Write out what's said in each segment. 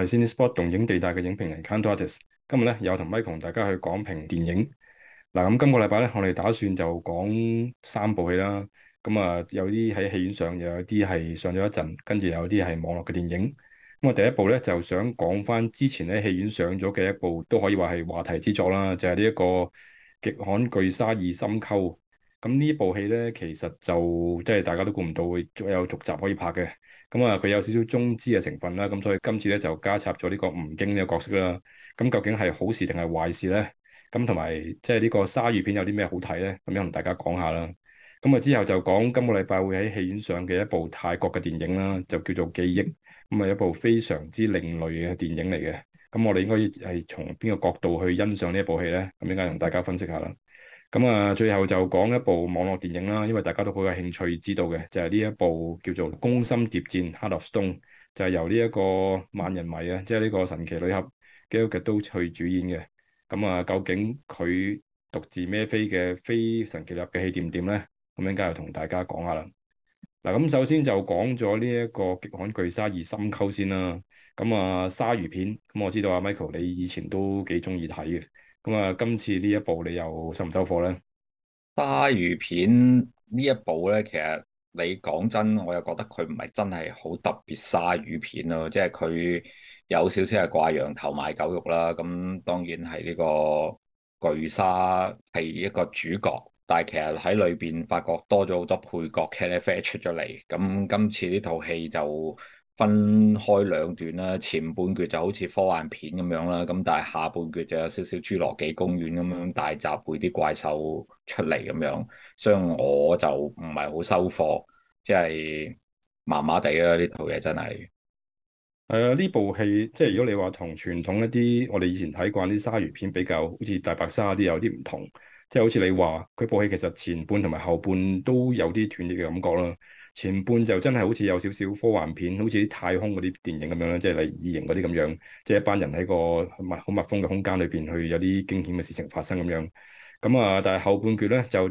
我係 Cinespot 動映地帶嘅影評人 Kantorates，今日咧，又同 Mike 同大家去講評電影。嗱，咁今個禮拜咧，我哋打算就講三部戲啦。咁啊，有啲喺戲院上，又有啲係上咗一陣，跟住有啲係網絡嘅電影。咁我第一部咧，就想講翻之前喺戲院上咗嘅一部，都可以話係話題之作啦，就係呢一個極悍巨鯊二深溝。咁呢部戲咧，其實就即係大家都估唔到會有續集可以拍嘅。咁啊，佢有少少中資嘅成分啦。咁所以今次咧就加插咗呢個吳京呢個角色啦。咁究竟係好事定係壞事咧？咁同埋即係呢個鯊魚片有啲咩好睇咧？咁樣同大家講下啦。咁啊之後就講今個禮拜會喺戲院上嘅一部泰國嘅電影啦，就叫做記憶。咁係一部非常之另類嘅電影嚟嘅。咁我哋應該係從邊個角度去欣賞呢一部戲咧？咁應該同大家分析下啦。咁啊，最後就講一部網絡電影啦，因為大家都好有興趣知道嘅，就係、是、呢一部叫做《攻心諜戰 Heart of Stone》就係、是、由呢一個萬人迷啊，即係呢個神奇女俠、姬嘉鐸都去主演嘅。咁啊，究竟佢獨自孭飛嘅非神奇女俠嘅戲掂唔掂咧？咁應該又同大家講下啦。嗱，咁首先就講咗呢一個《極悍巨鯊二深溝先》先啦。咁啊，鯊魚片，咁我知道阿 Michael 你以前都幾中意睇嘅。咁啊、嗯，今次呢一部你又收唔收貨咧？鯊魚片一，呢一部咧，其實你講真，我又覺得佢唔係真係好特別鯊魚片咯，即係佢有少少係掛羊頭賣狗肉啦。咁當然係呢個巨鯊係一個主角，但係其實喺裏邊發覺多咗好多配角 catfish 出咗嚟。咁今次呢套戲就～分開兩段啦，前半段就好似科幻片咁樣啦，咁但係下半段就有少少侏羅紀公園咁樣大集會啲怪獸出嚟咁樣，所以我就唔係好收貨，即係麻麻地呀。呢套嘢真係誒呢部戲，即係如果你話同傳統一啲我哋以前睇慣啲鯊魚片比較，好似大白鯊啲有啲唔同，即係好似你話佢部戲其實前半同埋後半都有啲斷裂嘅感覺啦。前半就真係好似有少少科幻片，好似啲太空嗰啲電影咁樣啦，即係例如《異形》嗰啲咁樣，即係一班人喺個密好密封嘅空間裏邊去有啲驚險嘅事情發生咁樣。咁啊，但係後半橛咧就啲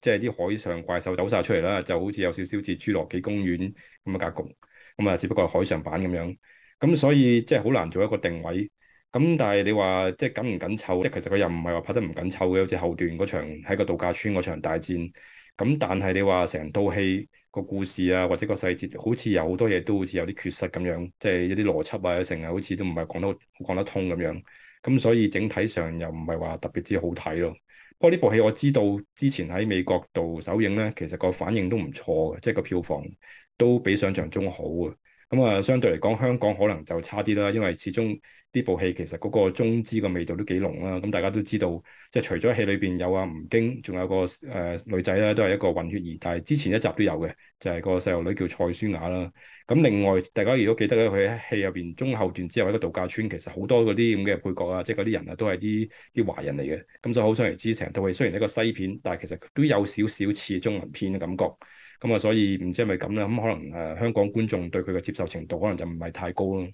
即係啲海上怪獸走晒出嚟啦，就好似有少少似《侏羅紀公園》咁嘅格局，咁啊，只不過係海上版咁樣。咁所以即係好難做一個定位。咁但係你話即係緊唔緊湊，即係其實佢又唔係話拍得唔緊湊嘅，好似後段嗰場喺個度假村嗰場大戰。咁但係你話成套戲，個故事啊，或者個細節，好似有好多嘢都好似有啲缺失咁樣，即係有啲邏輯啊，成日好似都唔係講得好講得通咁樣。咁所以整體上又唔係話特別之好睇咯。不過呢部戲我知道之前喺美國度首映咧，其實個反應都唔錯嘅，即係個票房都比想象中好啊。咁啊、嗯，相對嚟講，香港可能就差啲啦，因為始終呢部戲其實嗰個中資嘅味道都幾濃啦。咁、嗯、大家都知道，即係除咗戲裏邊有啊吳京，仲有個誒、呃、女仔啦，都係一個混血兒。但係之前一集都有嘅，就係、是、個細路女叫蔡書雅啦。咁、嗯、另外，大家如果記得佢喺戲入邊中後段之後一個度假村，其實好多嗰啲咁嘅配角啊，即係嗰啲人啊，都係啲啲華人嚟嘅。咁就好想嚟之成套戲，雖然係一個西片，但係其實都有少少似中文片嘅感覺。咁啊、嗯，所以唔知係咪咁咧？咁、嗯、可能誒、呃、香港觀眾對佢嘅接受程度可能就唔係太高咯。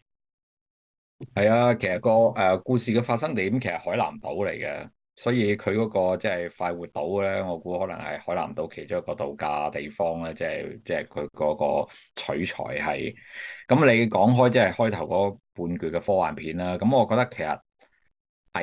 係啊，其實、個誒、呃、故事嘅發生地點其實海南島嚟嘅，所以佢嗰個即係快活島咧，我估可能係海南島其中一個度假地方咧，即係即係佢嗰個取材係。咁你講開即係開頭嗰半句嘅科幻片啦，咁我覺得其實。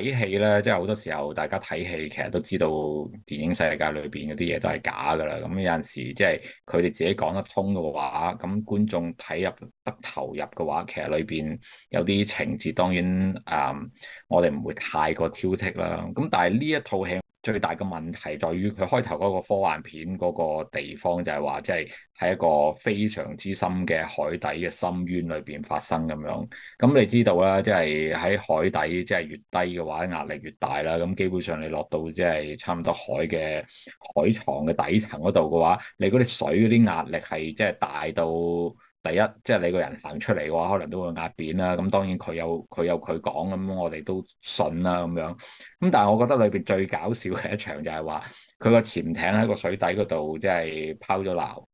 睇戲咧，即係好多時候，大家睇戲其實都知道電影世界界裏邊啲嘢都係假㗎啦。咁有陣時，即係佢哋自己講得通嘅話，咁觀眾睇入得投入嘅話，其實裏邊有啲情節當然誒、嗯，我哋唔會太過挑剔啦。咁但係呢一套戲。最大嘅問題在於佢開頭嗰個科幻片嗰個地方就係話，即係喺一個非常之深嘅海底嘅深淵裏面發生咁樣。咁你知道啦，即係喺海底，即係越低嘅話，壓力越大啦。咁基本上你落到即係差唔多海嘅海床嘅底層嗰度嘅話，你嗰啲水、嗰啲壓力係即係大到。第一，即係你個人行出嚟嘅話，可能都會壓扁啦。咁當然佢有佢有佢講，咁我哋都信啦咁樣。咁但係我覺得裏邊最搞笑嘅一場就係話，佢個潛艇喺個水底嗰度，即係拋咗錨。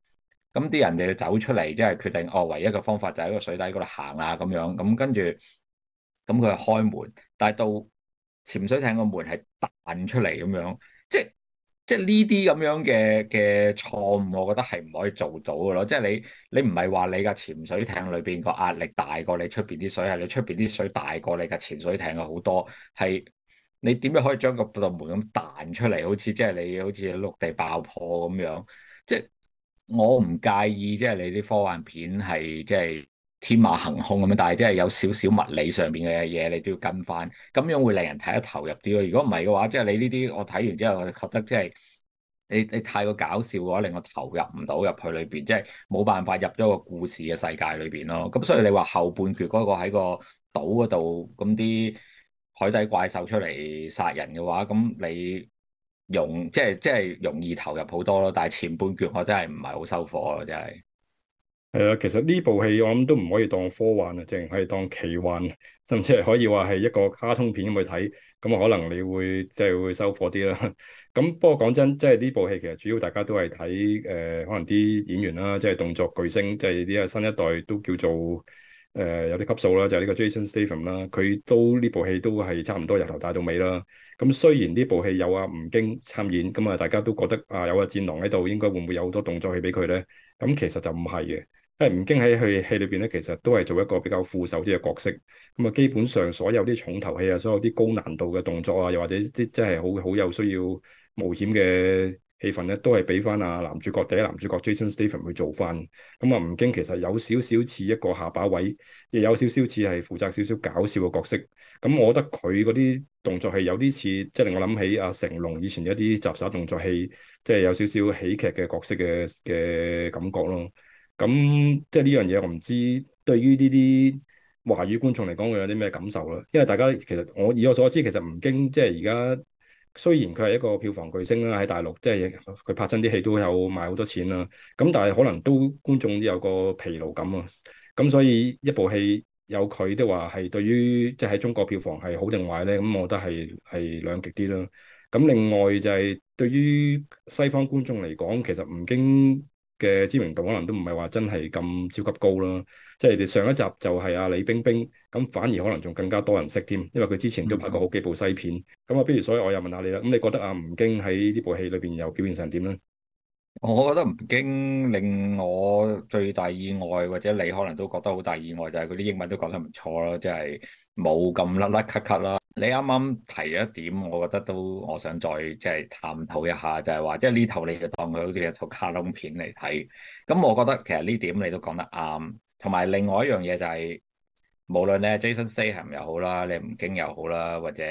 咁啲人哋走出嚟，即係決定哦，唯一嘅方法就喺個水底嗰度行啊咁樣。咁跟住，咁佢開門，但係到潛水艇個門係彈出嚟咁樣，即係。即係呢啲咁樣嘅嘅錯誤，我覺得係唔可以做到嘅咯。即係你你唔係話你架潛水艇裏邊個壓力大過你出邊啲水，係你出邊啲水大過你架潛水艇嘅好多。係你點樣可以將個道門咁彈出嚟？好似即係你好似陸地爆破咁樣。即係我唔介意，即係你啲科幻片係即係。就是天馬行空咁樣，但係即係有少少物理上面嘅嘢，你都要跟返，咁樣會令人睇得投入啲咯。如果唔係嘅話，即係你呢啲我睇完之後，我覺得即係你你太過搞笑嘅話，令我投入唔到入去裏邊，即係冇辦法入咗個故事嘅世界裏邊咯。咁所以你話後半橛嗰個喺個島嗰度，咁啲海底怪獸出嚟殺人嘅話，咁你容即係即係容易投入好多咯。但係前半橛我真係唔係好收貨咯，真係。係、呃、其實呢部戲我諗都唔可以當科幻啊淨係可以當奇幻，甚至係可以話係一個卡通片咁去睇，咁可能你會即係、就是、會收貨啲啦。咁 不過講真，即係呢部戲其實主要大家都係睇誒可能啲演員啦、啊即係動作巨星，即係啲新一代都叫做，誒、呃，有啲級數啦，就係、是、呢個 Jason Statham 啦，佢都呢部戲都係差唔多由頭帶到尾啦。咁、嗯、雖然呢部戲有阿、啊、吳京參演，咁、嗯、啊大家都覺得啊有阿戰狼喺度，應該會唔會有好多動作戲俾佢咧？咁、嗯、其實就唔係嘅，因為吳京喺佢戲裏邊咧，其實都係做一個比較副手啲嘅角色。咁、嗯、啊、嗯，基本上所有啲重頭戲啊，所有啲高難度嘅動作啊，又或者啲即係好好有需要冒險嘅。戲份咧都係俾翻阿男主角，第一男主角 Jason Stephen 去做翻，咁、嗯、啊吳京其實有少少似一個下巴位，亦有少少似係負責少少搞笑嘅角色。咁、嗯、我覺得佢嗰啲動作係有啲似，即、就、係、是、令我諗起阿、啊、成龍以前一啲雜耍動作戲，即、就、係、是、有少少喜劇嘅角色嘅嘅感覺咯。咁、嗯、即係呢樣嘢，我唔知對於呢啲華語觀眾嚟講，佢有啲咩感受啦？因為大家其實我以我所知，其實吳京即係而家。雖然佢係一個票房巨星啦，喺大陸即係佢拍親啲戲都有賣好多錢啦，咁但係可能都觀眾都有個疲勞感啊，咁所以一部戲有佢的話係對於即係中國票房係好定壞呢？咁我覺得係係兩極啲咯。咁另外就係對於西方觀眾嚟講，其實吳京。嘅知名度可能都唔係話真係咁超級高啦，即係你上一集就係阿李冰冰，咁反而可能仲更加多人識添，因為佢之前都拍過好幾部西片，咁啊，不如所以我又問下你啦，咁你覺得阿吳京喺呢部戲裏邊又表現成點咧？我覺得吳京令我最大意外，或者你可能都覺得好大意外，就係佢啲英文都講得唔錯咯，即係冇咁甩甩咳咳啦。你啱啱提咗一點，我覺得都我想再即係探討一下，就係話即係呢套你就當佢好似一套卡通片嚟睇。咁我覺得其實呢點你都講得啱。同埋另外一樣嘢就係，無論你 Jason Statham 又好啦，你吳京又好啦，或者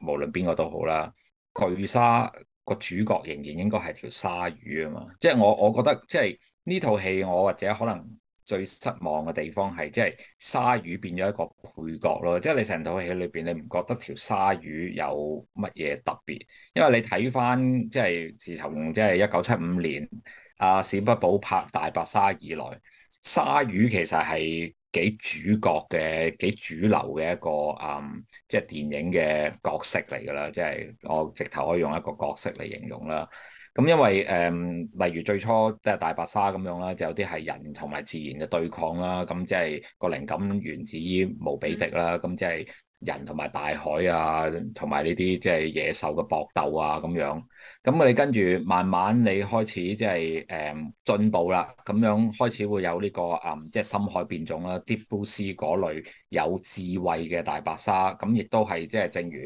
無論邊個都好啦，巨鯊個主角仍然應該係條鯊魚啊嘛。即係我我覺得即係呢套戲，我或者可能。最失望嘅地方係，即係鯊魚變咗一個配角咯，即係你成套戲裏邊，你唔覺得條鯊魚有乜嘢特別？因為你睇翻，即係自從即係一九七五年阿史匹堡拍《大白鯊》以來，鯊魚其實係幾主角嘅、幾主流嘅一個嗯，即係電影嘅角色嚟㗎啦，即係我直頭可以用一個角色嚟形容啦。咁因為誒、嗯，例如最初即係大白鯊咁樣啦，就有啲係人同埋自然嘅對抗啦。咁即係個靈感源自於無比敵啦。咁即係人同埋大海啊，同埋呢啲即係野獸嘅搏鬥啊咁樣。咁我哋跟住慢慢你開始即係誒進步啦。咁樣開始會有呢、呢個誒，即、嗯、係、就係、深海變種啦，Deep Blue Sea 嗰類有智慧嘅大白鯊。咁亦都係即係正如。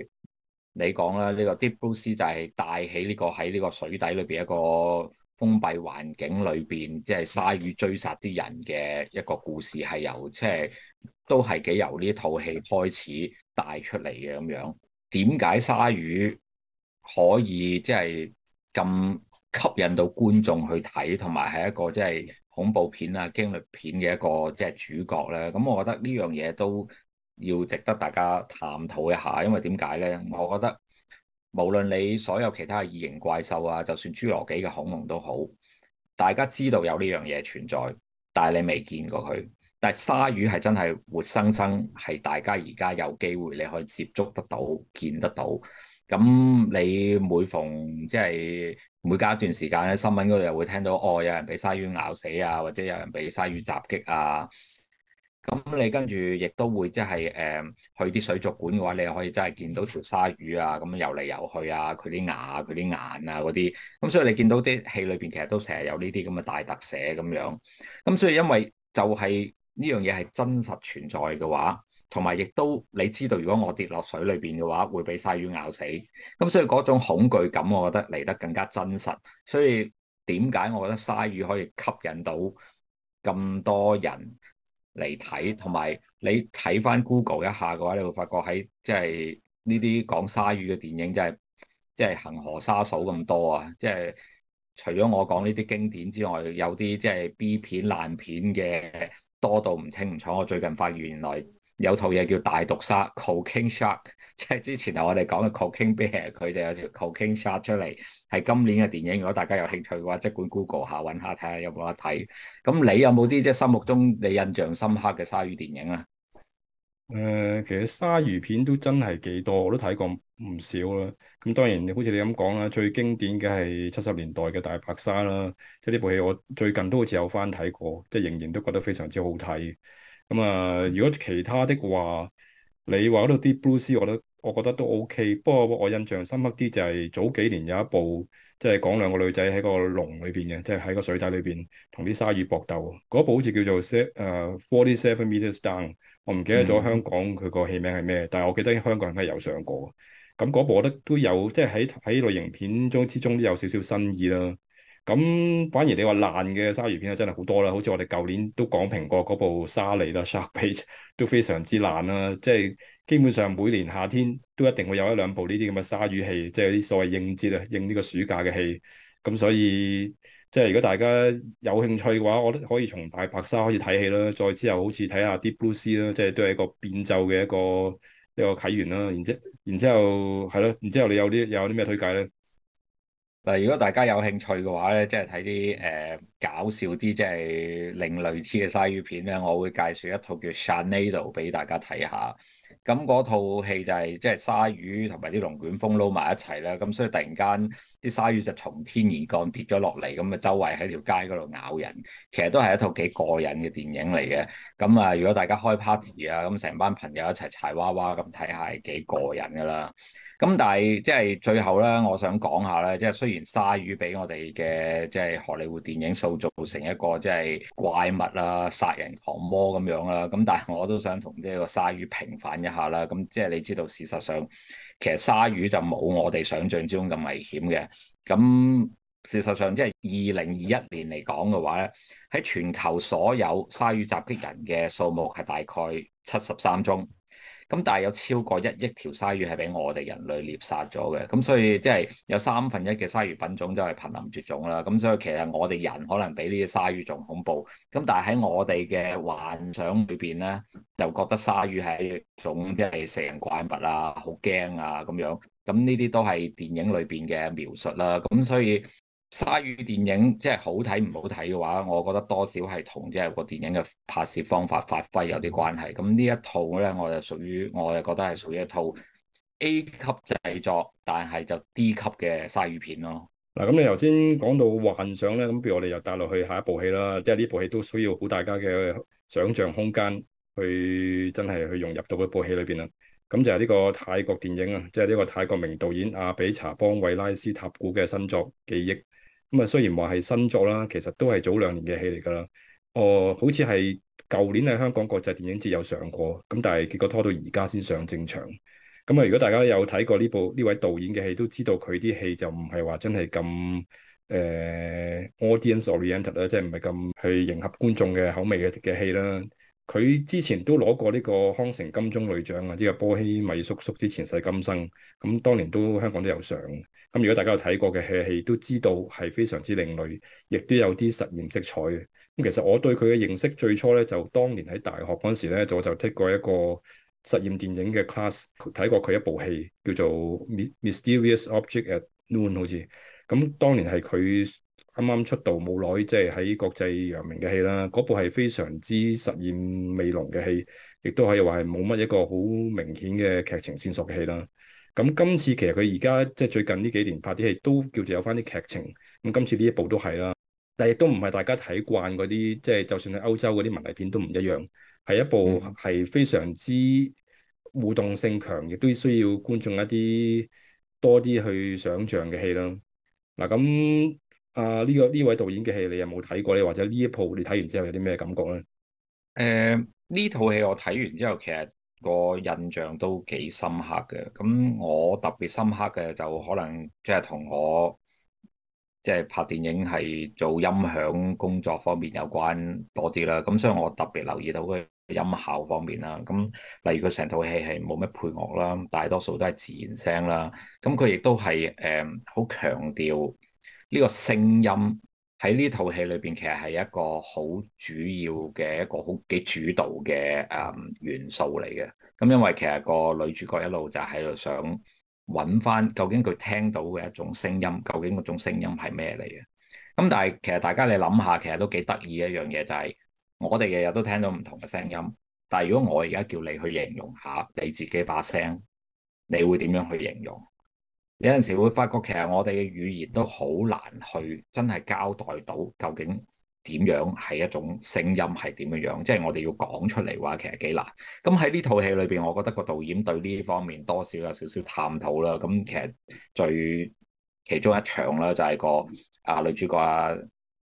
你講啦，呢、這個這個《Deep Blue Sea》就係帶起呢個喺呢個水底裏邊一個封閉環境裏邊，即、就、係、是、鯊魚追殺啲人嘅一個故事，係由即係、就是、都係幾由呢套戲開始帶出嚟嘅咁樣。點解鯊魚可以即係咁吸引到觀眾去睇，同埋係一個即係、就是、恐怖片啊驚悚片嘅一個即係、就是、主角咧？咁我覺得呢樣嘢都要值得大家探討一下，因為點解咧？我覺得無論你所有其他異形怪獸啊，就算侏羅紀嘅恐龍都好，大家知道有呢樣嘢存在，但係你未見過佢。但係鯊魚係真係活生生，係大家而家有機會你可以接觸得到、見得到。咁你每逢即係、就是、每隔一段時間咧，新聞嗰度又會聽到，哦，有人俾鯊魚咬死啊，或者有人俾鯊魚襲擊啊。咁你跟住亦都會即係誒去啲水族館嘅話，你又可以真係見到條鯊魚啊，咁遊嚟遊去啊，佢啲牙啊，佢啲眼啊嗰啲。咁所以你見到啲戲裏邊其實都成日有呢啲咁嘅大特寫咁樣。咁所以因為就係呢樣嘢係真實存在嘅話，同埋亦都你知道，如果我跌落水裏邊嘅話，會俾鯊魚咬死。咁所以嗰種恐懼感，我覺得嚟得更加真實。所以點解我覺得鯊魚可以吸引到咁多人，嚟睇，同埋你睇翻 Google 一下嘅話，你會發覺喺即係呢啲講鯊魚嘅電影，真係即係《恆河沙數》咁多啊！即係除咗我講呢啲經典之外，有啲即係 B 片爛片嘅多到唔清唔楚。我最近發現原來有套嘢叫《大毒殺》（Coquen Shark）。即係之前係我哋講嘅《Cocaine Bear》，佢哋有條 c Shot《Cocaine Shark》出嚟，係今年嘅電影。如果大家有興趣嘅話，即管 Google 下，揾下睇下有冇得睇。咁你有冇啲即係心目中你印象深刻嘅鯊魚電影啊？誒、呃，其實鯊魚片都真係幾多，我都睇過唔少啦。咁當然好似你咁講啦，最經典嘅係七十年代嘅《大白鯊》啦，即係呢部戲我最近都好似有翻睇過，即係仍然都覺得非常之好睇。咁啊、呃，如果其他的話，你話嗰度啲 blue 片，我覺得我覺得都 O K。不過我印象深刻啲就係早幾年有一部，即係講兩個女仔喺個籠裏邊嘅，即係喺個水底裏邊同啲鯊魚搏鬥。嗰部好似叫做 set 誒 forty seven meters down，我唔記得咗香港佢個戲名係咩，嗯、但係我記得香港人係有上過。咁嗰部我覺得都有，即係喺喺類型片中之中都有少少新意啦。咁反而你話爛嘅鯊魚片啊，真係好多啦！好似我哋舊年都講評過嗰部《沙尼》啦，《Sharpies》都非常之爛啦。即係基本上每年夏天都一定會有一兩部呢啲咁嘅鯊魚戲，即係啲所謂應節啊，應呢個暑假嘅戲。咁所以即係如果大家有興趣嘅話，我都可以從《大白鯊》開始睇戲啦。再之後好似睇下《Deep Blue Sea》啦，即係都係一個變奏嘅一個一個起源啦。然之後，然之後係咯，然之後你有啲有啲咩推介咧？嗱，如果大家有興趣嘅話咧，即係睇啲誒搞笑啲，即係另類啲嘅鯊魚片咧，我會介紹一套叫《Sharknado》俾大家睇下。咁嗰套戲就係即係鯊魚同埋啲龍捲風撈埋一齊啦。咁所以突然間啲鯊魚就從天而降跌咗落嚟，咁啊周圍喺條街嗰度咬人。其實都係一套幾過癮嘅電影嚟嘅。咁啊，如果大家開 party 啊，咁成班朋友一齊柴娃娃咁睇下，係幾過癮噶啦～咁但係即係最後咧，我想講下咧，即係雖然鯊魚俾我哋嘅即係荷里活電影塑造成一個即係怪物啦、殺人狂魔咁樣啦，咁但係我都想同即係個鯊魚平反一下啦。咁即係你知道事實上，其實鯊魚就冇我哋想像中咁危險嘅。咁事實上，即係二零二一年嚟講嘅話咧，喺全球所有鯊魚襲擊人嘅數目係大概七十三宗。咁但係有超過一億條鯊魚係俾我哋人類獵殺咗嘅，咁所以即係有三分一嘅鯊魚品種都係瀕臨絕種啦。咁所以其實我哋人可能比呢啲鯊魚仲恐怖。咁但係喺我哋嘅幻想裏邊咧，就覺得鯊魚係一種即係成怪物啊，好驚啊咁樣。咁呢啲都係電影裏邊嘅描述啦。咁所以。鯊魚電影即係好睇唔好睇嘅話，我覺得多少係同即係個電影嘅拍攝方法發揮有啲關係。咁呢一套咧，我就屬於我就覺得係屬於一套 A 級製作，但係就 D 級嘅鯊魚片咯。嗱，咁你頭先講到幻想咧，咁譬如我哋又帶落去下一部戲啦。即係呢部戲都需要好大家嘅想像空間去真係去融入到嗰部戲裏邊啦。咁就係呢個泰國電影啊，即係呢個泰國名導演阿比查邦維拉斯塔古嘅新作《記憶》。咁啊，雖然話係新作啦，其實都係早兩年嘅戲嚟㗎啦。哦，好似係舊年喺香港國際電影節有上過，咁但係結果拖到而家先上正場。咁啊，如果大家有睇過呢部呢位導演嘅戲，都知道佢啲戲就唔係話真係咁誒 audience oriented 啦，即係唔係咁去迎合觀眾嘅口味嘅嘅戲啦。佢之前都攞過呢個康城金棕櫚獎啊，呢個波希米叔叔之前世今生咁，當年都香港都有上。咁如果大家有睇過嘅戲戲，都知道係非常之另類，亦都有啲實驗色彩嘅。咁其實我對佢嘅認識，最初咧就當年喺大學嗰陣時咧，就我就 take 過一個實驗電影嘅 class，睇過佢一部戲叫做《My Mysterious Object at Noon》好似。咁當年係佢。啱啱出道冇耐，即係喺國際揚名嘅戲啦。嗰部係非常之實驗味濃嘅戲，亦都可以話係冇乜一個好明顯嘅劇情線索嘅戲啦。咁今次其實佢而家即係最近呢幾年拍啲戲都叫做有返啲劇情。咁今次呢一部都係啦，但係亦都唔係大家睇慣嗰啲，即係就算喺歐洲嗰啲文藝片都唔一樣，係一部係非常之互動性強，亦都需要觀眾一啲多啲去想像嘅戲啦。嗱咁。啊！呢個呢位導演嘅戲你有冇睇過？呢？或者呢一套你睇完之後有啲咩感覺呢？誒、呃，呢套戲我睇完之後，其實個印象都幾深刻嘅。咁我特別深刻嘅就可能即係同我即係、就是、拍電影係做音響工作方面有關多啲啦。咁所以我特別留意到佢音效方面啦。咁例如佢成套戲係冇乜配樂啦，大多數都係自然聲啦。咁佢亦都係誒好強調，呃呢個聲音喺呢套戲裏邊，其實係一個好主要嘅一個好幾主導嘅誒元素嚟嘅。咁因為其實個女主角一路就喺度想揾翻究竟佢聽到嘅一種聲音，究竟嗰種聲音係咩嚟嘅？咁但係其實大家你諗下，其實都幾得意一樣嘢，就係、是、我哋日日都聽到唔同嘅聲音。但係如果我而家叫你去形容下你自己把聲，你會點樣去形容？有陣時會發覺，其實我哋嘅語言都好難去真係交代到究竟點樣係一種聲音係點樣，即係我哋要講出嚟話，其實幾難。咁喺呢套戲裏邊，我覺得個導演對呢方面多少有少少探討啦。咁其實最其中一場啦，就係個啊女主角啊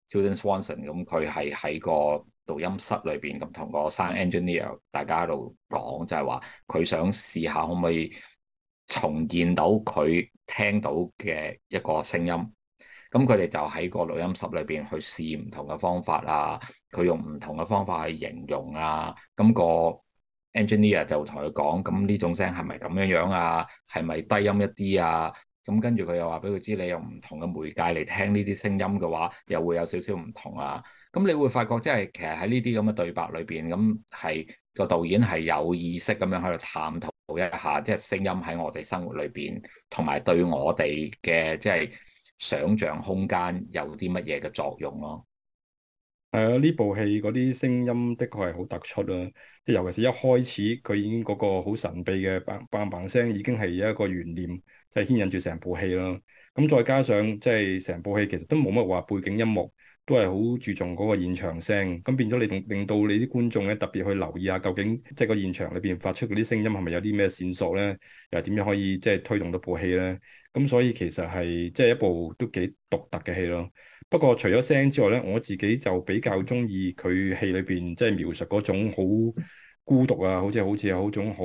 Tilda Swinton 咁佢係喺個錄音室裏邊咁同個聲 engineer 大家喺度講，就係話佢想試下可唔可以。重現到佢聽到嘅一個聲音，咁佢哋就喺個錄音室裏邊去試唔同嘅方法啊，佢用唔同嘅方法去形容啊，咁個 engineer 就同佢講，咁呢種聲係咪咁樣樣啊？係咪低音一啲啊？咁跟住佢又話俾佢知，你用唔同嘅媒介嚟聽呢啲聲音嘅話，又會有少少唔同啊。咁你會發覺，即係其實喺呢啲咁嘅對白裏邊，咁係個導演係有意識咁樣喺度探討一下，即係聲音喺我哋生活裏邊，同埋對我哋嘅即係想像空間有啲乜嘢嘅作用咯。係啊，呢部戲嗰啲聲音的確係好突出啊，即係尤其是一開始佢已經嗰個好神秘嘅棒棒梆聲已經係一個懸念，就是、牽引住成部戲啦。咁、嗯、再加上即係成部戲其實都冇乜話背景音樂，都係好注重嗰個現場聲，咁變咗你仲令到你啲觀眾咧特別去留意下究竟即係、就是、個現場裏邊發出嗰啲聲音係咪有啲咩線索咧，又點樣可以即係、就是、推動到部戲咧？咁所以其實係即係一部都幾獨特嘅戲咯。不過除咗聲之外咧，我自己就比較中意佢戲裏邊即係描述嗰種好孤獨啊，好似好似係嗰種好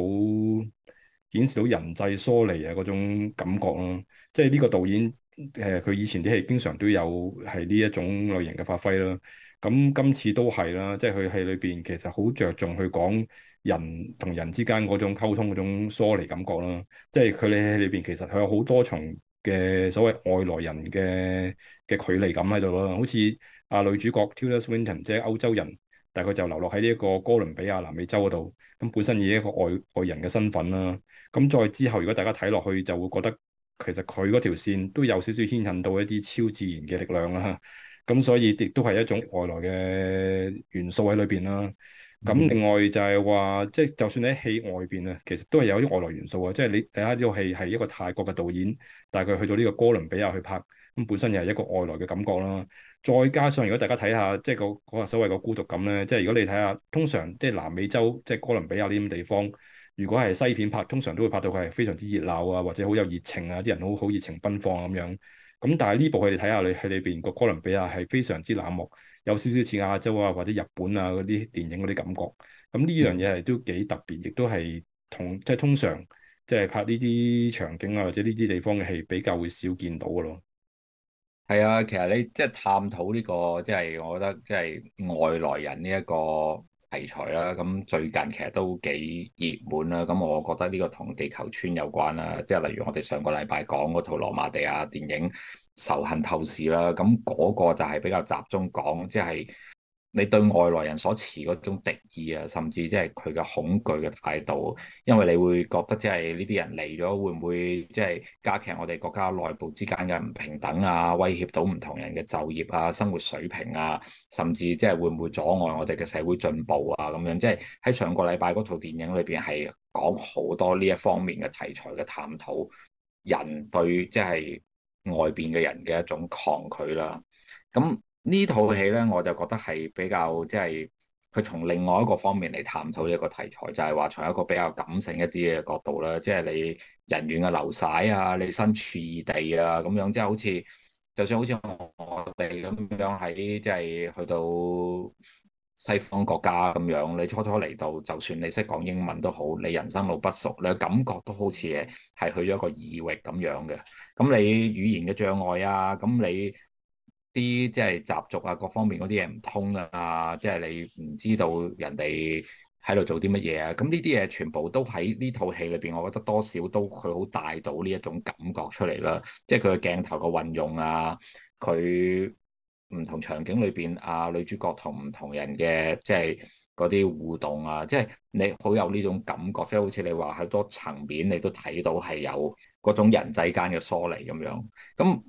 顯示到人際疏離啊嗰種感覺咯、啊。即係呢個導演。誒佢、呃、以前啲戲經常都有係呢一種類型嘅發揮啦，咁、嗯、今次都係啦，即係佢喺裏邊其實好着重去講人同人之間嗰種溝通嗰種疏離感覺啦，即係佢哋喺裏邊其實佢有好多重嘅所謂外來人嘅嘅距離感喺度啦，好似啊女主角 Tilda Swinton 即係歐洲人，大概就流落喺呢一個哥倫比亞南美洲嗰度，咁本身已經係一個外外人嘅身份啦，咁、嗯、再之後如果大家睇落去就會覺得。其實佢嗰條線都有少少牽引到一啲超自然嘅力量啦，咁所以亦都係一種外來嘅元素喺裏邊啦。咁另外就係話，即係就算喺戲外邊啊，其實都係有啲外來元素啊。即係你睇下呢套戲係一個泰國嘅導演，但係佢去到呢個哥倫比亞去拍，咁本身又係一個外來嘅感覺啦。再加上如果大家睇下，即係個嗰個所謂嘅孤獨感咧，即係如果你睇下，通常即係南美洲即係哥倫比亞呢啲地方。如果係西片拍，通常都會拍到佢係非常之熱鬧啊，或者好有熱情啊，啲人好好熱情奔放咁、啊、樣。咁但係呢部佢哋睇下，你喺裏邊個哥倫比亞係非常之冷漠，有少少似亞洲啊或者日本啊嗰啲電影嗰啲感覺。咁、嗯、呢樣嘢係都幾特別，亦都係同即係、就是、通常即係拍呢啲場景啊或者呢啲地方嘅戲比較會少見到嘅咯。係啊，其實你即係、就是、探討呢、這個即係、就是、我覺得即係外來人呢、這、一個。題材啦，咁、嗯、最近其實都幾熱門啦，咁、嗯、我覺得呢個同地球村有關啦，即係例如我哋上個禮拜講嗰套羅馬尼亞電影《仇恨透視》啦，咁、嗯、嗰、那個就係比較集中講，即係。你對外來人所持嗰種敵意啊，甚至即係佢嘅恐懼嘅態度，因為你會覺得即係呢啲人嚟咗，會唔會即係加劇我哋國家內部之間嘅唔平等啊，威脅到唔同人嘅就業啊、生活水平啊，甚至即係會唔會阻礙我哋嘅社會進步啊？咁樣即係喺上個禮拜嗰套電影裏邊係講好多呢一方面嘅題材嘅探討，人對即係外邊嘅人嘅一種抗拒啦。咁呢套戲呢，我就覺得係比較即係佢從另外一個方面嚟探討一個題材，就係話從一個比較感性一啲嘅角度啦。即係你人員嘅流徙啊，你身處異地啊，咁樣即係好似，就算好似我哋咁樣喺即係去到西方國家咁樣，你初初嚟到，就算你識講英文都好，你人生路不熟，你嘅感覺都好似係去咗一個異域咁樣嘅，咁你語言嘅障礙啊，咁你，啲即係習俗啊，各方面嗰啲嘢唔通啊，即係你唔知道人哋喺度做啲乜嘢啊。咁呢啲嘢全部都喺呢套戲裏邊，我覺得多少都佢好帶到呢一種感覺出嚟啦。即係佢嘅鏡頭嘅運用啊，佢唔同場景裏邊啊，女主角同唔同人嘅即係嗰啲互動啊，即係你好有呢種感覺。即係好似你話喺多層面，你都睇到係有嗰種人際間嘅疏離咁樣。咁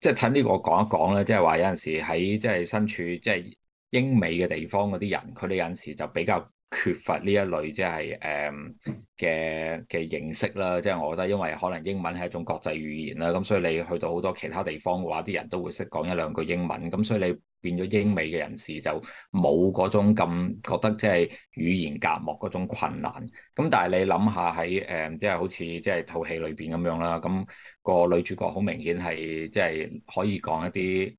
即係睇呢個講一講咧，即係話有陣時喺即係身處即係英美嘅地方嗰啲人，佢哋有陣時就比較，缺乏呢一類即係誒嘅嘅認識啦，即係我覺得，因為可能英文係一種國際語言啦，咁所以你去到好多其他地方嘅話，啲人都會識講一兩句英文，咁所以你變咗英美嘅人士就冇嗰種咁覺得即係語言隔膜嗰種困難。咁但係你諗下喺誒即係好似即係套戲裏邊咁樣啦，咁個女主角好明顯係即係可以講一啲。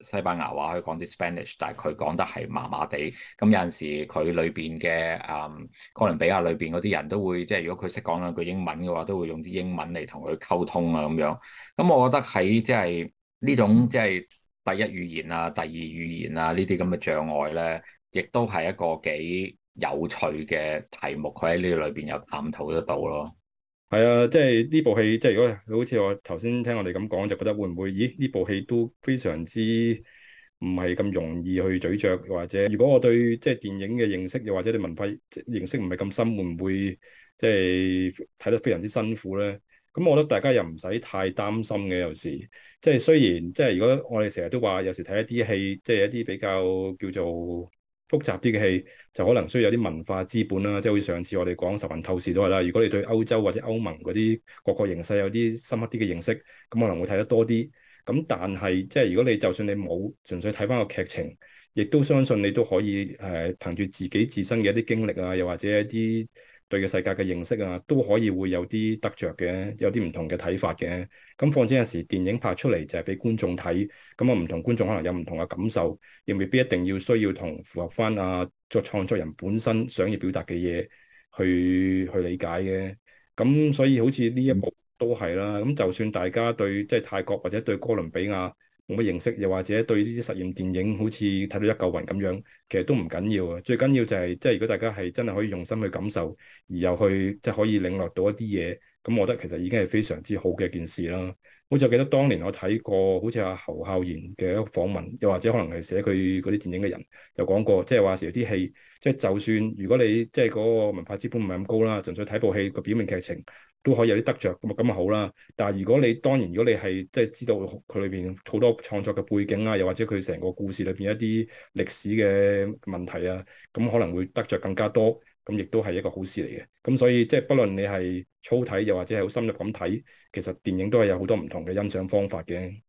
西班牙話可以講啲 Spanish，但係佢講得係麻麻地。咁有陣時佢裏邊嘅嗯，哥倫比亞裏邊嗰啲人都會，即係如果佢識講兩句英文嘅話，都會用啲英文嚟同佢溝通啊咁樣。咁我覺得喺即係呢種即係、就是、第一語言啊、第二語言啊呢啲咁嘅障礙咧，亦都係一個幾有趣嘅題目，佢喺呢個裏邊有探討得到咯。係啊，即係呢部戲，即係如果好似我頭先聽我哋咁講，就覺得會唔會？咦，呢部戲都非常之唔係咁容易去咀嚼，或者如果我對即係電影嘅認識，又或者你文化認識唔係咁深，會唔會即係睇得非常之辛苦咧？咁我覺得大家又唔使太擔心嘅，有時即係雖然即係如果我哋成日都話，有時睇一啲戲，即係一啲比較叫做。複雜啲嘅戲就可能需要有啲文化資本啦，即係好似上次我哋講《十萬透視》都係啦。如果你對歐洲或者歐盟嗰啲各國形勢有啲深刻啲嘅認識，咁可能會睇得多啲。咁但係即係如果你就算你冇，純粹睇翻個劇情，亦都相信你都可以誒、呃，憑住自己自身嘅一啲經歷啊，又或者一啲。對嘅世界嘅認識啊，都可以會有啲得着嘅，有啲唔同嘅睇法嘅。咁況且有時，電影拍出嚟就係俾觀眾睇，咁啊唔同觀眾可能有唔同嘅感受，亦未必一定要需要同符合翻啊作創作人本身想要表達嘅嘢去去理解嘅。咁所以好似呢一部都係啦，咁就算大家對即係、就是、泰國或者對哥倫比亞。冇乜認識，又或者對呢啲實驗電影好似睇到一嚿雲咁樣，其實都唔緊要啊！最緊要就係，即係如果大家係真係可以用心去感受，而又去即係可以領略到一啲嘢，咁我覺得其實已經係非常之好嘅一件事啦。好似我記得當年我睇過，好似阿侯孝賢嘅一個訪問，又或者可能係寫佢嗰啲電影嘅人，就講過，即係話時有啲戲，即係就算如果你即係嗰個文化資本唔係咁高啦，純粹睇部戲個表面劇情。都可以有啲得着，咁啊，咁啊好啦。但係如果你當然，如果你係即係知道佢裏邊好多創作嘅背景啊，又或者佢成個故事裏邊一啲歷史嘅問題啊，咁可能會得着更加多。咁亦都係一個好事嚟嘅。咁所以即係，即係、不論你係粗睇又或者係好深入咁睇，其實電影都係有好多唔同嘅欣賞方法嘅。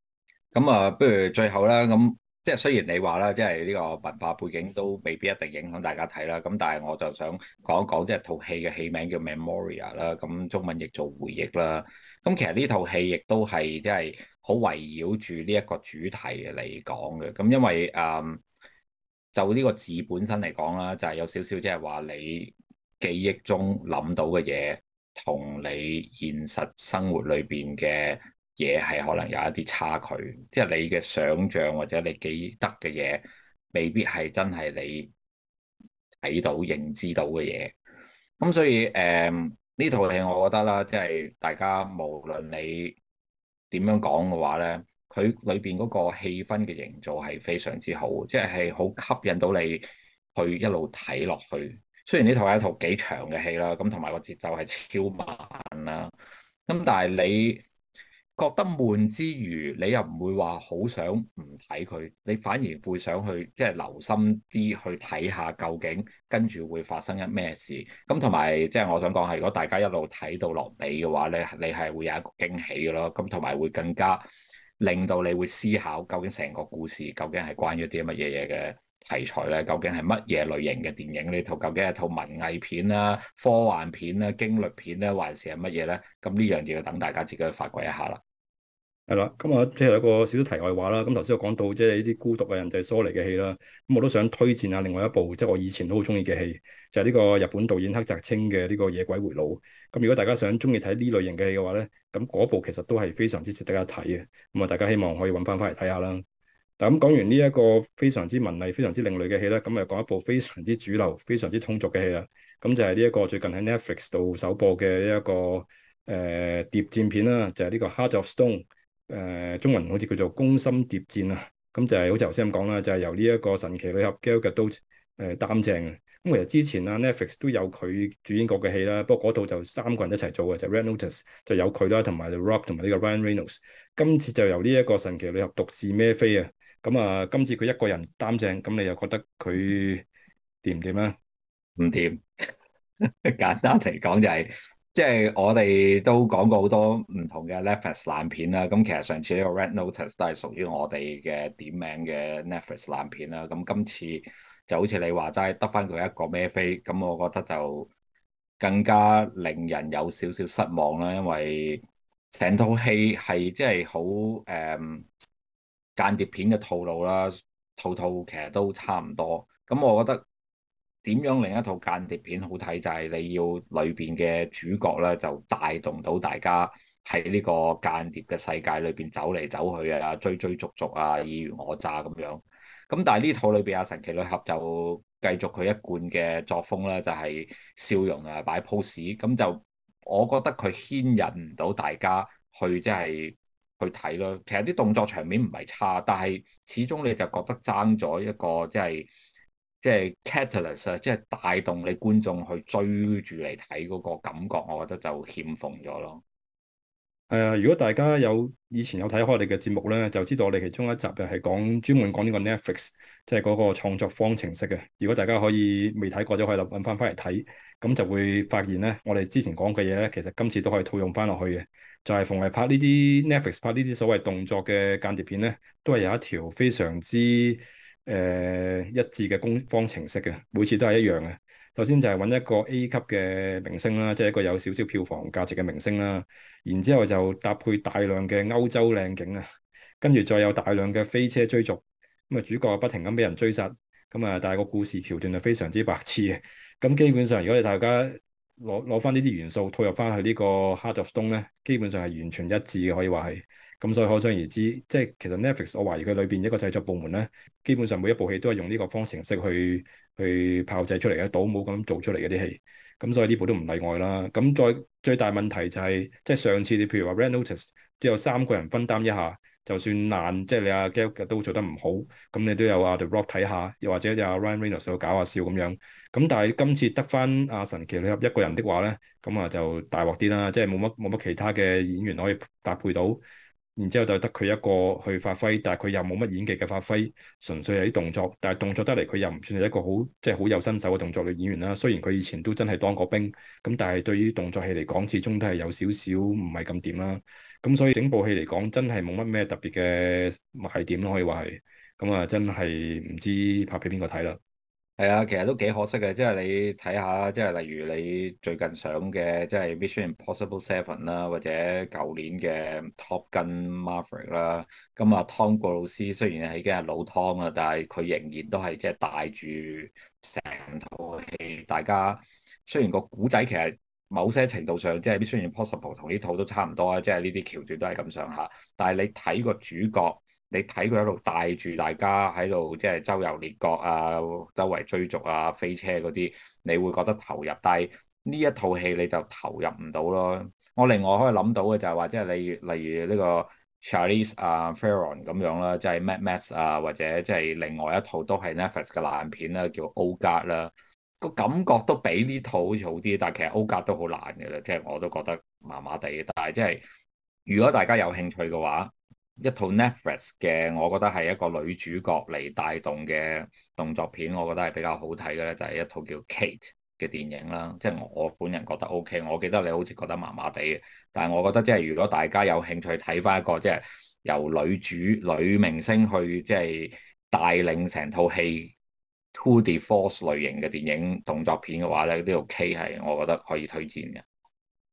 咁啊，不如最後啦，咁。即係雖然你話啦，即係呢個文化背景都未必一定影響大家睇啦。咁但係我就想講一講即係套戲嘅戲名叫《Memoria》啦。咁中文譯做回憶啦。咁其實呢套戲亦都係即係好圍繞住呢一個主題嚟講嘅。咁因為誒、嗯，就呢個字本身嚟講啦，就係、是、有少少即係話你記憶中諗到嘅嘢，同你現實生活裏邊嘅。嘢係可能有一啲差距，即係你嘅想像或者你記得嘅嘢，未必係真係你睇到認知到嘅嘢。咁所以誒，呢套戲我覺得啦，即係大家無論你點樣講嘅話咧，佢裏邊嗰個氣氛嘅營造係非常之好，即係係好吸引到你去一路睇落去。雖然呢套係一套幾長嘅戲啦，咁同埋個節奏係超慢啦，咁但係你，覺得悶之餘，你又唔會話好想唔睇佢，你反而會想去即係留心啲去睇下究竟跟住會發生一咩事。咁同埋即係我想講係，如果大家一路睇到落尾嘅話咧，你係會有一個驚喜嘅咯。咁同埋會更加令到你會思考究竟成個故事究竟係關於啲乜嘢嘢嘅題材咧？究竟係乜嘢類型嘅電影呢套？究竟係套文藝片啦、啊、科幻片啦、啊、驚慄片咧，還是係乜嘢咧？咁呢樣嘢要等大家自己去發掘一下啦。係啦，咁啊，即係有一個少少題外話啦。咁頭先我講到即係呢啲孤獨嘅人際疏離嘅戲啦。咁我都想推薦下另外一部即係、就是、我以前都好中意嘅戲，就係、是、呢個日本導演黑澤清嘅呢個《野鬼回路》。咁如果大家想中意睇呢類型嘅戲嘅話咧，咁嗰部其實都係非常之值得一睇嘅。咁啊，大家希望可以揾翻翻嚟睇下啦。嗱，咁講完呢一個非常之文藝、非常之另類嘅戲啦，咁啊講一部非常之主流、非常之通俗嘅戲啦。咁就係呢一個最近喺 Netflix 度首播嘅一個誒諜、呃、戰片啦，就係、是、呢、這個《Heart of Stone》。誒、呃，中文好似叫做攻心諜戰啊，咁就係好似頭先咁講啦，就係、是、由呢一個神奇女俠 Gal Gadot，誒擔正嘅。咁其實之前啊 Netflix 都有佢主演過嘅戲啦，不過嗰套就三個人一齊做嘅，就是、Red Notice 就有佢啦，同埋 Rock 同埋呢個 Ryan Reynolds。今次就由呢一個神奇女俠獨自孭飛啊，咁啊今次佢一個人擔正，咁你又覺得佢掂唔掂啊？唔掂，簡單嚟講就係、是。即係我哋都講過好多唔同嘅 Netflix 爛片啦，咁其實上次呢個《Red Notice》都係屬於我哋嘅點名嘅 Netflix 爛片啦。咁今次就好似你話齋，得翻佢一個孭飛，咁我覺得就更加令人有少少失望啦。因為成套戲係即係好誒間諜片嘅套路啦，套套其實都差唔多。咁我覺得。點樣另一套間諜片好睇就係你要裏邊嘅主角咧，就帶動到大家喺呢個間諜嘅世界裏邊走嚟走去啊，追追逐逐啊，爾虞我詐咁樣。咁但係呢套裏邊啊，神奇女俠就繼續佢一貫嘅作風咧，就係笑容啊，擺 pose。咁就我覺得佢牽引唔到大家去即係去睇咯。其實啲動作場面唔係差，但係始終你就覺得爭咗一個即係。即係 Catalyst 啊，即係帶動你觀眾去追住嚟睇嗰個感覺，我覺得就欠奉咗咯。係、呃、如果大家有以前有睇開我哋嘅節目咧，就知道我哋其中一集就係講專門講呢個 Netflix，即係嗰個創作方程式嘅。如果大家可以未睇過，就可以搵翻翻嚟睇，咁就會發現咧，我哋之前講嘅嘢咧，其實今次都可以套用翻落去嘅。就係逢係拍呢啲 Netflix 拍呢啲所謂動作嘅間諜片咧，都係有一條非常之。誒、呃、一致嘅攻方程式嘅，每次都係一樣嘅。首先就係揾一個 A 級嘅明星啦，即係一個有少少票房價值嘅明星啦。然之後就搭配大量嘅歐洲靚景啊，跟住再有大量嘅飛車追逐。咁啊，主角不停咁俾人追殺。咁啊，但係個故事橋段係非常之白痴嘅。咁基本上，如果你大家，攞攞翻呢啲元素套入翻去呢個《Heart of Stone》咧，基本上係完全一致嘅，可以話係。咁所以可想而知，即係其實 Netflix，我懷疑佢裏邊一個製作部門咧，基本上每一部戲都係用呢個方程式去去炮製出嚟嘅，倒模咁做出嚟嘅啲戲。咁所以呢部都唔例外啦。咁再最大問題就係、是，即係上次你譬如話《Red Notice》，都有三個人分擔一下。就算難，即係你阿 Gel 都做得唔好，咁你都有阿 The Rock 睇下，又或者有阿 Ryan Reynolds 去搞下笑咁樣。咁但係今次得翻阿神奇女俠一個人的話咧，咁啊就大鑊啲啦，即係冇乜冇乜其他嘅演員可以搭配到。然之後就得佢一個去發揮，但係佢又冇乜演技嘅發揮，純粹係啲動作。但係動作得嚟，佢又唔算係一個好，即係好有身手嘅動作嘅演員啦。雖然佢以前都真係當過兵，咁但係對於動作戲嚟講，始終都係有少少唔係咁掂啦。咁所以整部戲嚟講，真係冇乜咩特別嘅賣點咯，可以話係。咁啊，真係唔知拍俾邊個睇啦。係啊，其實都幾可惜嘅，即係你睇下，即係例如你最近上嘅即係《Mission Impossible Seven》啦，或者舊年嘅《Top Gun Maverick》啦。咁啊，湯哥老師雖然係已經係老湯啦，但係佢仍然都係即係帶住成套戲。大家雖然個古仔其實某些程度上即係《Mission Impossible》同呢套都差唔多啊，即係呢啲橋段都係咁上下。但係你睇個主角。你睇佢喺度帶住大家喺度，即係周遊列國啊，周圍追逐啊，飛車嗰啲，你會覺得投入。但係呢一套戲你就投入唔到咯。我另外可以諗到嘅就係話，即係你例如呢個 Charlize 啊，uh, Theron 咁樣啦，即係 Mad Max 啊，或者即係另外一套都係 Netflix 嘅爛片啦，叫《Old Guard》啦，個感覺都比呢套好似好啲。但係其實 Old Guard 都好爛嘅啦，即係我都覺得麻麻地。但係即係如果大家有興趣嘅話，一套 Netflix 嘅，我覺得係一個女主角嚟帶動嘅動作片，我覺得係比較好睇嘅咧，就係一套叫 Kate 嘅電影啦。即係我本人覺得 OK，我記得你好似覺得麻麻地嘅，但係我覺得即係如果大家有興趣睇翻一個即係由女主女明星去即係帶領成套戲 two D force 類型嘅電影動作片嘅話咧，呢套 Kate 係我覺得可以推薦嘅。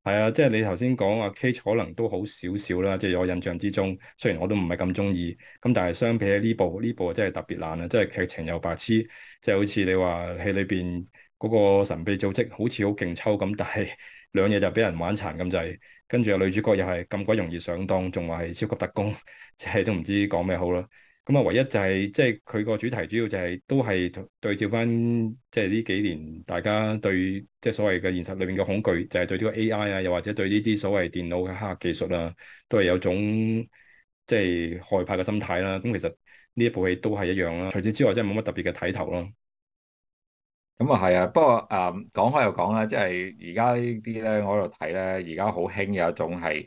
係啊，即係你頭先講阿 Kate 可能都好少少啦，即係我印象之中，雖然我都唔係咁中意，咁但係相比喺呢部呢部真係特別爛啊，即係劇情又白痴，即係好似你話戲裏邊嗰個神秘組織好似好勁抽咁，但係兩日就俾人玩殘咁滯，跟住啊女主角又係咁鬼容易上當，仲話係超級特工，即係都唔知講咩好啦。咁啊，唯一就係、是、即係佢個主題，主要就係、是、都係對照翻，即係呢幾年大家對即係所謂嘅現實裏面嘅恐懼，就係、是、對呢個 AI 啊，又或者對呢啲所謂電腦嘅黑客技術啦、啊，都係有種即係害怕嘅心態啦、啊。咁、嗯、其實呢一部戲都係一樣啦、啊。除此之外、啊，真係冇乜特別嘅睇頭咯。咁啊係啊，不過誒講、嗯、開又講啦，即係而家呢啲咧，我喺度睇咧，而家好興有一種係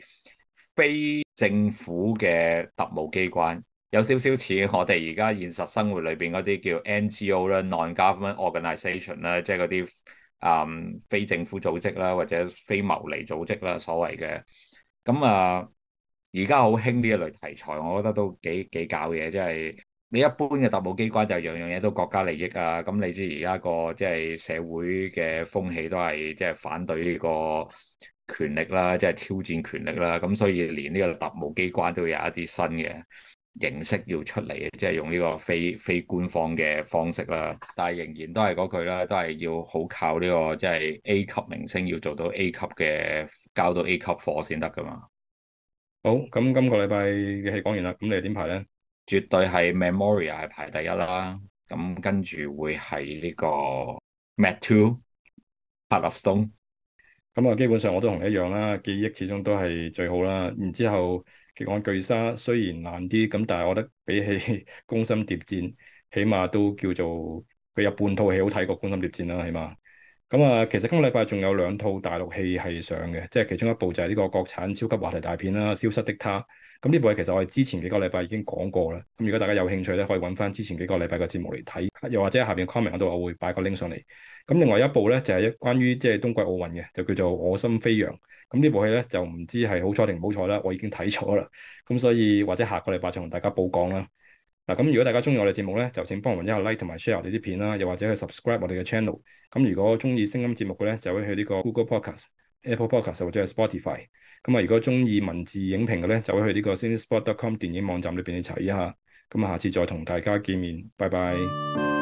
非政府嘅特務機關。有少少似我哋而家現實生活裏邊嗰啲叫 NGO 啦 non-government organization 啦，即係嗰啲啊非政府組織啦，或者非牟利組織啦，所謂嘅。咁啊，而家好興呢一類題材，我覺得都幾幾搞嘢，即係你一般嘅特務機關就樣樣嘢都國家利益啊。咁你知而家個即係社會嘅風氣都係即係反對呢個權力啦，即係挑戰權力啦。咁所以連呢個特務機關都有一啲新嘅。形式要出嚟嘅，即係用呢個非非官方嘅方式啦。但係仍然都係嗰句啦，都係要好靠呢個即係 A 級明星，要做到 A 級嘅交到 A 級貨先得噶嘛。好，咁今個禮拜嘅戲講完啦。咁你點排咧？絕對係 Memoria 係排第一啦。咁跟住會係呢個 Meg Two、Heart of Stone。咁啊，基本上我都同你一樣啦。記憶始終都係最好啦。然之後。《極悍巨鯊》雖然難啲，但係我覺得比起《攻心諜戰》，起碼都叫做佢有半套戲好睇過《攻心諜戰》啦，起碼。咁啊，其實今個禮拜仲有兩套大陸戲係上嘅，即係其中一部就係呢個國產超級話題大片啦，《消失的她》。咁呢部戲其實我哋之前幾個禮拜已經講過啦。咁如果大家有興趣咧，可以揾翻之前幾個禮拜嘅節目嚟睇，又或者下邊 comment 度我會擺個 link 上嚟。咁另外一部咧就係一關於即係冬季奧運嘅，就叫做《我心飛揚》。咁呢部戲咧就唔知係好彩定唔好彩啦，我已經睇咗啦。咁所以或者下個禮拜就同大家補講啦。嗱，咁如果大家中意我哋節目咧，就請幫我哋一下 like 同埋 share 呢啲片啦，又或者去 subscribe 我哋嘅 channel。咁如果中意聲音節目嘅咧，就可以去呢個 Google Podcast、Apple Podcast 或者係 Spotify。咁啊，如果中意文字影評嘅咧，就可以去呢個 CineSpot.com 電影網站裏邊去查一下。咁下次再同大家見面，拜拜。